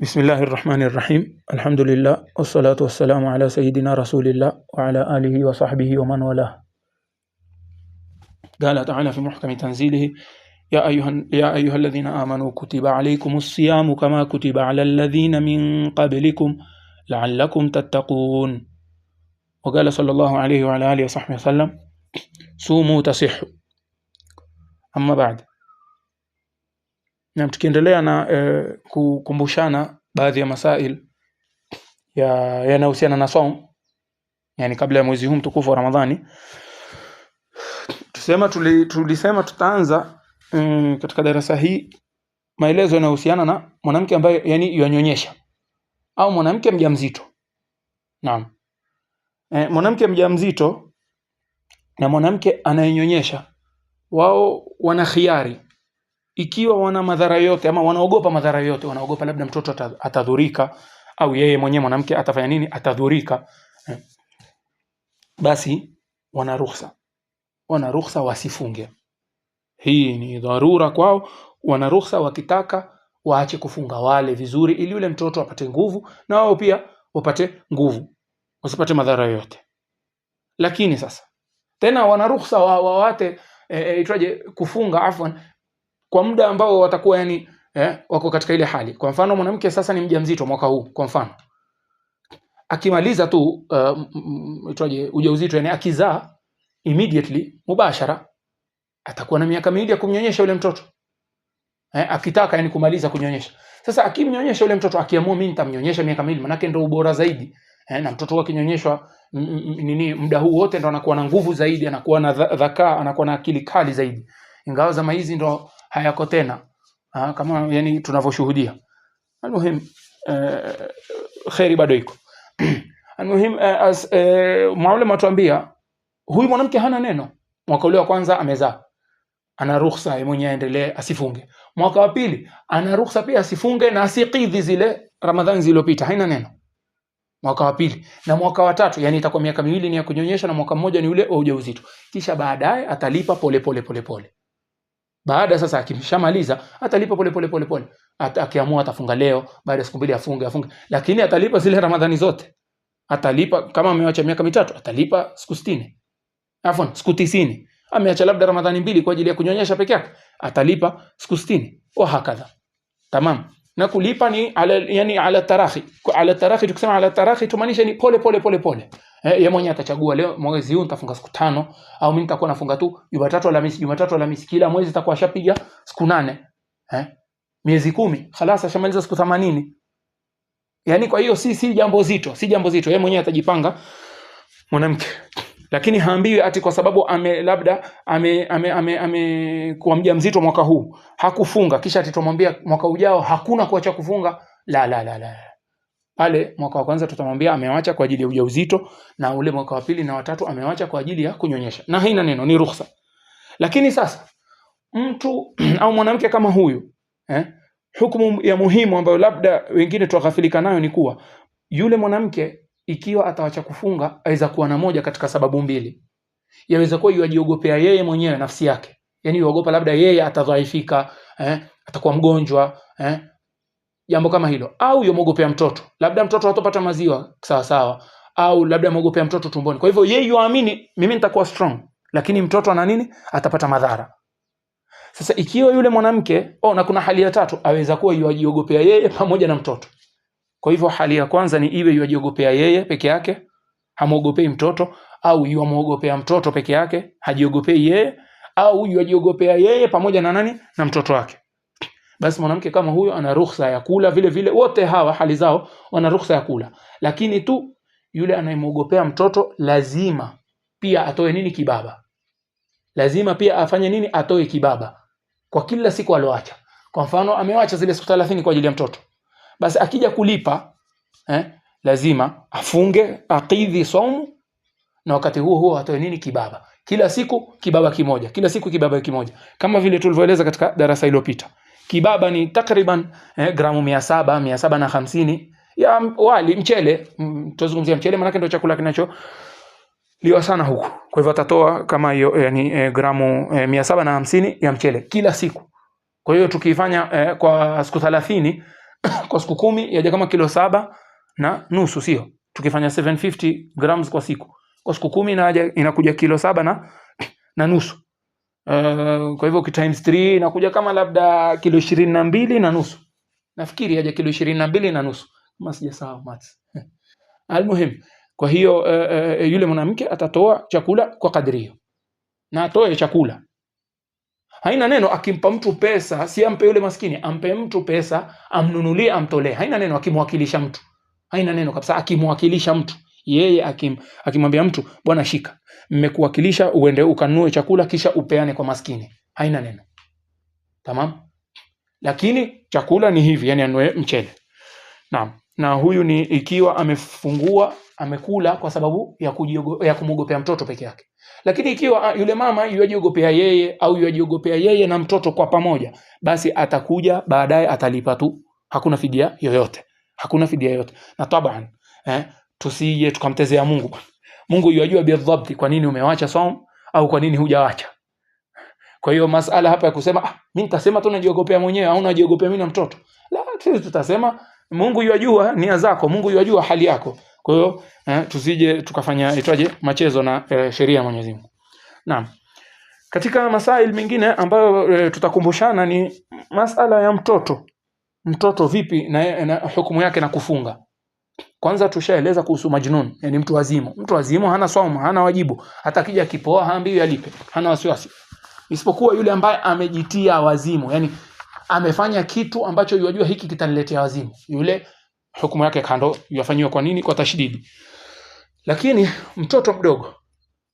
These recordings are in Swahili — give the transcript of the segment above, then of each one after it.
بسم الله الرحمن الرحيم الحمد لله والصلاة والسلام على سيدنا رسول الله وعلى آله وصحبه ومن والاه قال تعالى في محكم تنزيله يا أيها, يا أيها الذين آمنوا كتب عليكم الصيام كما كتب على الذين من قبلكم لعلكم تتقون وقال صلى الله عليه وعلى آله وصحبه وسلم صوموا تصحوا أما بعد Na tukiendelea na e, kukumbushana baadhi ya masail yanayohusiana ya na saum, yani kabla ya mwezi huu mtukufu wa Ramadhani, tusema tuli, tulisema tutaanza mm, katika darasa hii maelezo yanayohusiana na mwanamke ambaye yani yanyonyesha au mwanamke mjamzito. Naam. E, mwanamke mjamzito na mwanamke anayenyonyesha wao wana khiari ikiwa wana madhara yote ama wanaogopa madhara yote, wanaogopa labda mtoto atadhurika au yeye mwenyewe mwanamke atafanya nini, atadhurika, eh, basi wana ruhusa, wana ruhusa wasifunge. Hii ni dharura kwao, wana ruhusa, wakitaka waache kufunga, wale vizuri, ili yule mtoto apate nguvu na wao pia wapate nguvu, wasipate madhara yote. Lakini sasa tena wana ruhusa wawate wa, wa, wa, e, e, itwaje kufunga afwan kwa muda ambao watakuwa yani eh, wako katika ile hali. Kwa mfano mwanamke sasa ni mjamzito mwaka huu kwa mfano, akimaliza tu eh, itwaje uh, ujauzito, yani akizaa immediately mubashara, atakuwa na miaka miwili ya kumnyonyesha yule mtoto eh, akitaka yani kumaliza kunyonyesha. Sasa akimnyonyesha yule mtoto, akiamua mimi nitamnyonyesha miaka miwili, manake ndio ubora zaidi eh, na mtoto akinyonyeshwa nini muda huu wote, ndo anakuwa na nguvu zaidi, anakuwa na dhakaa, anakuwa na akili kali zaidi, ingawa zama hizi ndo hayako tena ha, ah, kama yani tunavyoshuhudia almuhim eh, kheri bado iko almuhim eh, as, eh, maulama atuambia huyu mwanamke hana neno mwaka ule wa kwanza amezaa ana ruhusa mwenye aendelee asifunge mwaka wa pili ana ruhusa pia asifunge na asikidhi zile ramadhani zilizopita haina neno mwaka wa pili na mwaka wa tatu yani itakuwa miaka miwili ni ya kunyonyesha na mwaka mmoja ni ule wa ujauzito kisha baadaye atalipa pole pole pole pole baada sasa akishamaliza atalipa pole pole pole pole. At, akiamua atafunga leo, baada ya siku mbili afunge afunge. Lakini atalipa zile Ramadhani zote. Atalipa kama ameacha miaka mitatu, atalipa siku 60. Afwan, siku 90. Ameacha labda Ramadhani mbili kwa ajili ya kunyonyesha peke yake, atalipa siku 60. Wa hakadha. Tamam. Na kulipa ni ala, yani ala tarahi. ala tarahi tukisema ala tarahi tumaanisha ni pole pole pole pole. Eh, yeye mwenyewe atachagua leo mwezi huu nitafunga siku tano au mimi nitakuwa nafunga tu Jumatatu Alhamisi, Jumatatu Alhamisi, kila mwezi atakuwa ashapiga siku nane. Eh? Miezi kumi, khalas ashamaliza siku 80. yani kwa hiyo si si jambo zito, si jambo zito. Yeye mwenyewe atajipanga mwanamke. Lakini haambiwi ati kwa sababu ame labda ame ame ame, ame kwa mjamzito mwaka huu, hakufunga kisha atitomwambia mwaka ujao hakuna kuacha kufunga. La la la la pale mwaka wa kwanza tutamwambia amewacha kwa ajili ya ujauzito, na ule mwaka wa pili na watatu amewacha kwa ajili ya kunyonyesha, na haina neno, ni ruhusa. Lakini sasa mtu au mwanamke kama huyu eh, hukumu ya muhimu ambayo labda wengine tuwaghafilika nayo ni kuwa yule mwanamke ikiwa atawacha kufunga, aweza kuwa na moja katika sababu mbili. Yaweza kuwa yajiogopea yeye mwenyewe nafsi yake, yani yuogopa labda yeye atadhaifika, eh, atakuwa mgonjwa eh, jambo kama hilo, au yomwogopea mtoto, labda mtoto hatopata maziwa sawa sawa, au labda mwogopea mtoto tumboni. Kwa hivyo yeye yuamini mimi nitakuwa strong, lakini mtoto ana nini? Atapata madhara. Sasa ikiwa yule mwanamke oh, na kuna hali ya tatu, aweza kuwa yuajiogopea yeye pamoja na mtoto. Kwa hivyo hali ya kwanza ni iwe yuajiogopea yeye peke yake, hamwogopei mtoto, au yuamwogopea mtoto peke yake, hajiogopei yeye, au yuajiogopea yeye pamoja na nani, na mtoto wake basi mwanamke kama huyo ana ruhusa ya kula vile vile, wote hawa hali zao wana ruhusa ya kula, lakini tu yule anayemwogopea mtoto lazima pia atoe nini kibaba, lazima pia afanye nini, atoe kibaba kwa kila siku aloacha. Kwa mfano amewacha zile siku 30 kwa ajili ya mtoto, basi akija kulipa eh, lazima afunge akidhi saumu, na wakati huo huo atoe nini kibaba, kila siku kibaba kimoja, kila siku kibaba kimoja, kama vile tulivyoeleza katika darasa iliyopita kibaba ni takriban eh, gramu 700 750 ya wali mchele. Mm, Tuzungumzia mchele, maanake ndio chakula kinacho liwa sana huku. Kwa hivyo atatoa kama hiyo yani, eh, eh, gramu eh, 750 ya mchele kila siku. Kwa hiyo tukifanya eh, kwa siku 30 kwa siku kumi yaje kama kilo saba na nusu, sio? Tukifanya 750 grams kwa siku, kwa siku kumi inakuja kilo saba na, na nusu. Eh, kwa hivyo times 3 inakuja kama labda kilo ishirini na mbili na nusu nafikiri haja kilo ishirini na mbili na nusu kama sijasahau maths. Almuhim, kwa hiyo uh, uh, yule mwanamke atatoa chakula kwa kadri hiyo, na atoe chakula, haina neno. Akimpa mtu pesa, si ampe yule maskini, ampe mtu pesa, amnunulie, amtolee, haina neno. Akimwakilisha mtu, haina neno kabisa, akimwakilisha mtu yeye akim, akimwambia mtu bwana, shika, mmekuwakilisha uende ukanue chakula kisha upeane kwa maskini, haina neno, tamam. Lakini chakula ni hivi, yani anue mchele. na, na huyu ni ikiwa amefungua amekula kwa sababu ya, ya kumwogopea mtoto peke yake. Lakini ikiwa yule mama yuajiogopea yeye au yuajiogopea yeye na mtoto kwa pamoja, basi atakuja baadaye atalipa tu, hakuna fidia yoyote, hakuna fidia yoyote na taban eh, tusije tukamtezea Mungu Mungu yajua bidhabti kwa nini umewacha saum au kwa nini hujawacha. Kwa hiyo masala hapa ya kusema ah, mimi nitasema tu najiogopea mwenyewe au najiogopea mimi na mtoto. La, sisi tutasema Mungu yajua nia zako, Mungu yajua hali yako. Kwa hiyo eh, tusije tukafanya itwaje machezo na eh, sheria ya Mwenyezi Mungu. Naam. Katika masaili mengine ambayo e, tutakumbushana ni masala ya mtoto. Mtoto vipi na, na hukumu yake na kufunga. Kwanza tushaeleza kuhusu majnun, yani mtu wazimu. Mtu wazimu hana swaumu, hana wajibu, hata kija kipoa haambiwi alipe, hana wasiwasi, isipokuwa yule ambaye amejitia wazimu, yani amefanya kitu ambacho yajua hiki kitaniletea wazimu, yule hukumu yake kando, yafanywa. kwa nini? Kwa tashdidi. Lakini mtoto mdogo,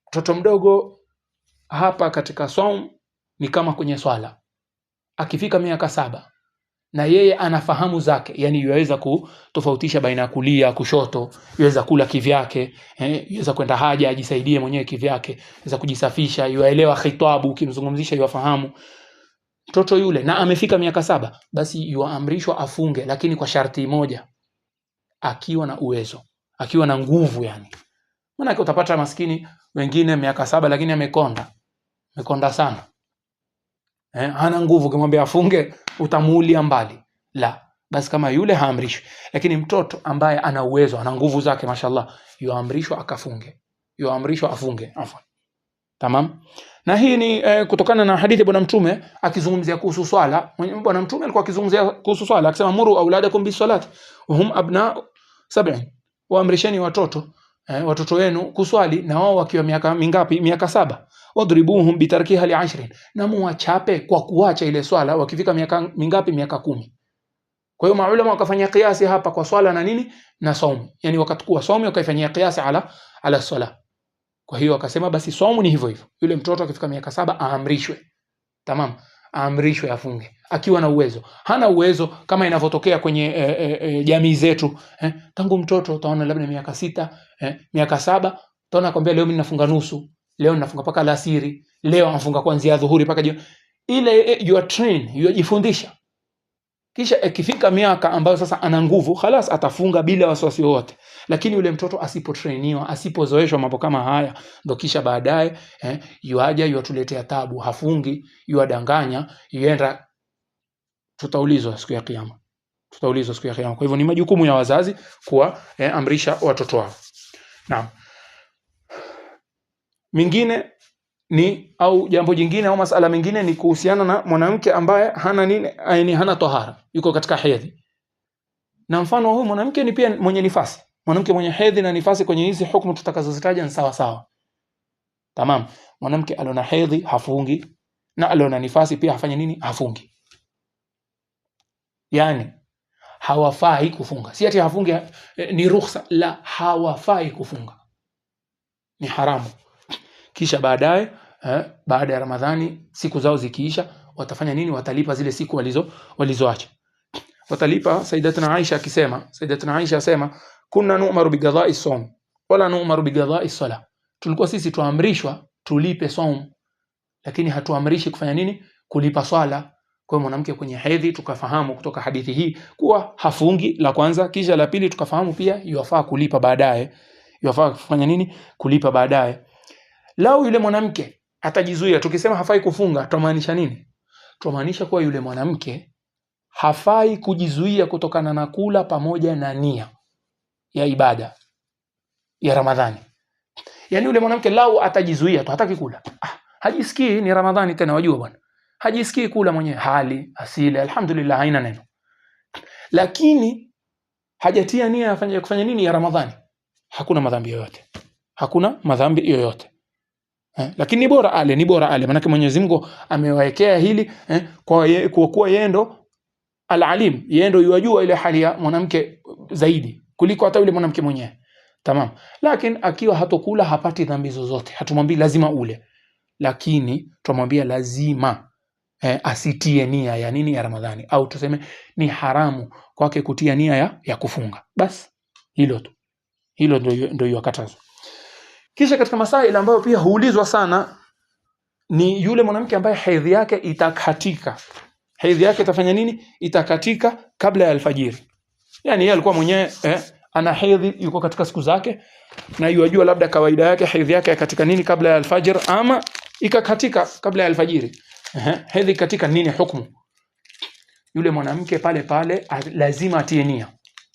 mtoto mdogo hapa katika swaumu ni kama kwenye swala, akifika miaka saba na yeye anafahamu zake, yani yuweza kutofautisha baina ya kulia, kushoto, yuweza kula kivyake, eh, yuweza kwenda haja ajisaidie mwenyewe kivyake, yuweza kujisafisha, yuaelewa khitabu, ukimzungumzisha yuafahamu mtoto yule, na amefika miaka saba, basi yuaamrishwa afunge, lakini kwa sharti moja, akiwa na uwezo, akiwa na nguvu yani. Maanake utapata maskini wengine miaka saba, lakini amekonda, amekonda sana eh, ana nguvu, ukimwambia afunge utamuulia mbali, la basi kama yule haamrishwi. Lakini mtoto ambaye ana uwezo, ana nguvu zake, mashallah, yuamrishwa akafunge, yuamrishwa afunge, afwan. Tamam. Na hii ni eh, kutokana na hadithi bwana mtume akizungumzia kuhusu swala. Bwana mtume alikuwa akizungumzia kuhusu swala akisema, muru auladakum bisalati hum abna sab'in, waamrisheni watoto eh, watoto wenu kuswali na wao wakiwa miaka mingapi? Miaka saba wadribuhum bitarkiha liashrin, na muwachape kwa kuacha ile swala wakifika miaka mingapi? Miaka kumi. Kwa hiyo maulama wakafanya kiasi hapa kwa swala na nini na saumu, yani wakatukua saumu wakaifanyia kiasi ala ala swala. Kwa hiyo akasema basi saumu ni hivyo hivyo, yule mtoto akifika miaka saba aamrishwe, tamam, aamrishwe afunge akiwa na uwezo. Hana uwezo kama inavyotokea kwenye e, e, e, jamii zetu eh, tangu mtoto utaona labda miaka sita eh, miaka saba utaona kwambia leo mimi nafunga nusu leo nafunga paka alasiri, leo nafunga kuanzia dhuhuri paka jioni. Ile eh, eh, you are train, jifundisha Kisha ikifika miaka ambayo sasa ana nguvu, khalas atafunga bila wasiwasi wowote. Lakini yule mtoto asipotrainiwa, asipozoeshwa mambo kama haya, ndo kisha baadaye eh, yuaja yuatuletea tabu, hafungi, yuadanganya, yuenda, tutaulizwa siku ya kiyama tutaulizwa siku ya kiyama. Kwa hivyo ni majukumu ya wazazi kuwa eh, watoto wao. Naam mingine ni au jambo jingine au masala mengine ni kuhusiana na mwanamke ambaye hana nini, yani hana tahara, yuko katika hedhi. Na mfano huyu mwanamke ni pia mwenye nifasi. Mwanamke mwenye hedhi na nifasi kwenye hizi hukumu tutakazozitaja ni sawa sawa. Tamam. Mwanamke aliona hedhi hafungi na aliona nifasi pia hafanye nini? Hafungi. Yani hawafai kufunga. Si ati hafungi eh, ni ruhusa la hawafai kufunga. Ni haramu kisha baadaye eh, baada ya Ramadhani siku zao zikiisha watafanya nini? Watalipa zile siku walizo walizoacha, watalipa. Sayyidatuna Aisha akisema, Sayyidatuna Aisha asema kunna nu'maru bi qada'i sawm wala nu'maru bi qada'i salah, tulikuwa sisi tuamrishwa tulipe sawm, lakini hatuamrishi kufanya nini? Kulipa swala. Kwa mwanamke kwenye hedhi, tukafahamu kutoka hadithi hii kuwa hafungi, la kwanza. Kisha la pili, tukafahamu pia yafaa kulipa baadaye, yafaa kufanya nini? Kulipa baadaye. Lau yule mwanamke atajizuia, tukisema hafai kufunga twamaanisha nini? Twamaanisha kuwa yule mwanamke hafai kujizuia kutokana na kula pamoja na nia ya ibada ya Ramadhani. Yaani yule mwanamke lau atajizuia tu, hataki kula, ah, hajisikii ni Ramadhani tena, wajua bwana, hajisikii kula mwenyewe, hali asili, alhamdulillah, haina neno, lakini hajatia nia ya kufanya nini ya Ramadhani, hakuna madhambi yoyote, hakuna madhambi yoyote. Eh, lakini ni bora ale, ni bora ale, maanake Mwenyezi Mungu amewaekea hili eh, kwa, ye, kwa kuwa yeye ndo alalim, yeye ndo yuwajua ile hali ya mwanamke zaidi kuliko hata yule mwanamke mwenyewe. Tamam. Lakini akiwa hatokula hapati dhambi zozote, hatumwambii lazima ule, lakini tumwambia lazima eh, asitie nia ya nini ya Ramadhani, au tuseme ni haramu kwake kutia nia ya, ya kufunga. Bas hilo tu, hilo ndo ndio yakatazwa. Kisha katika masaila ambayo pia huulizwa sana ni yule mwanamke ambaye hedhi yake itakatika. Hedhi yake itafanya nini? Itakatika kabla ya alfajiri. Yani yeye alikuwa mwenyewe eh, ana hedhi, yuko katika siku zake na yajua labda kawaida yake hedhi yake yakatika nini kabla ya alfajiri, ama ikakatika kabla ya alfajiri. Eh, hedhi katika nini hukumu? Yule mwanamke pale pale lazima atie nia,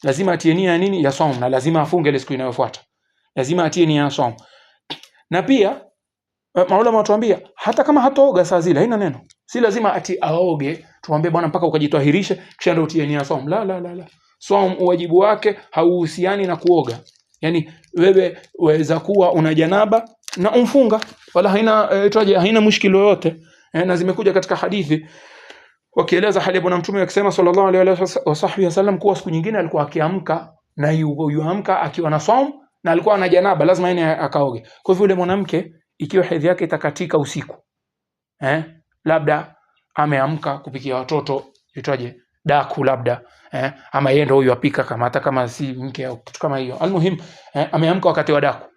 lazima atie nia nini? Ya saumu, na lazima afunge ile siku inayofuata lazima atie nia ya swaumu. Na pia eh, maulama watuambia hata kama hataoga saa zile haina neno, si lazima ati aoge tuambie bwana mpaka ukajitwahirishe kisha ndio utie nia ya swaumu. La, la, la, la. Swaumu uwajibu wake hauhusiani na kuoga, Yani wewe waweza kuwa una janaba na umfunga wala haina e, eh, traje, haina mushkili yoyote e, na zimekuja katika hadithi wakieleza hali ya Bwana Mtume akisema sallallahu alaihi wasallam kuwa siku nyingine alikuwa akiamka na yuamka akiwa na swaumu na alikuwa ana janaba, lazima yeye akaoge. Kwa hivyo yule mwanamke ikiwa hedhi yake itakatika usiku eh, labda ameamka kupikia watoto itwaje daku labda eh, ama yeye ndio huyu apika, kama hata kama si mke au kitu kama hiyo. Almuhim eh, ameamka wakati wa daku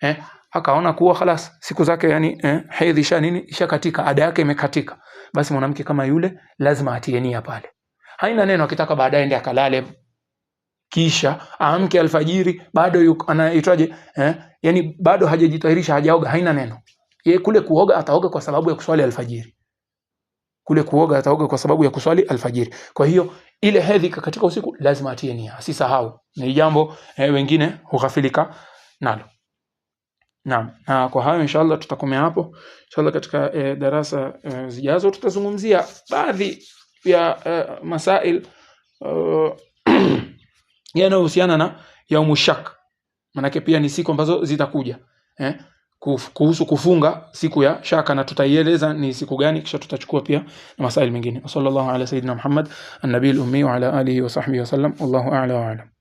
eh, akaona kuwa khalas siku zake yani eh, hedhi sha nini katika, ada yake imekatika, basi mwanamke kama yule lazima atienia pale, haina neno, akitaka baadaye ndiye akalale kisha aamke alfajiri, bado yuko anaitwaje, eh, yani bado hajajitahirisha, hajaoga, haina neno. Ye kule kuoga ataoga kwa sababu ya kuswali alfajiri, kule kuoga ataoga kwa sababu ya kuswali alfajiri. Kwa hiyo ile hedhi katika usiku lazima atie nia, asisahau. Ni jambo eh, wengine hughafilika nalo. Naam, na kwa hayo inshallah tutakomea hapo. Inshallah katika eh, darasa eh, zijazo tutazungumzia baadhi ya eh, masail uh, yanayohusiana na yaumu shak, manake pia ni siku ambazo zitakuja eh? kuhusu kufunga siku ya shaka, na tutaieleza ni siku gani, kisha tutachukua pia na masaili mengine. Sallallahu ala sayyidina Muhammad an-nabiyil ummi wa ala alihi wa sahbihi wasallam. Wallahu a'la wa a'lam.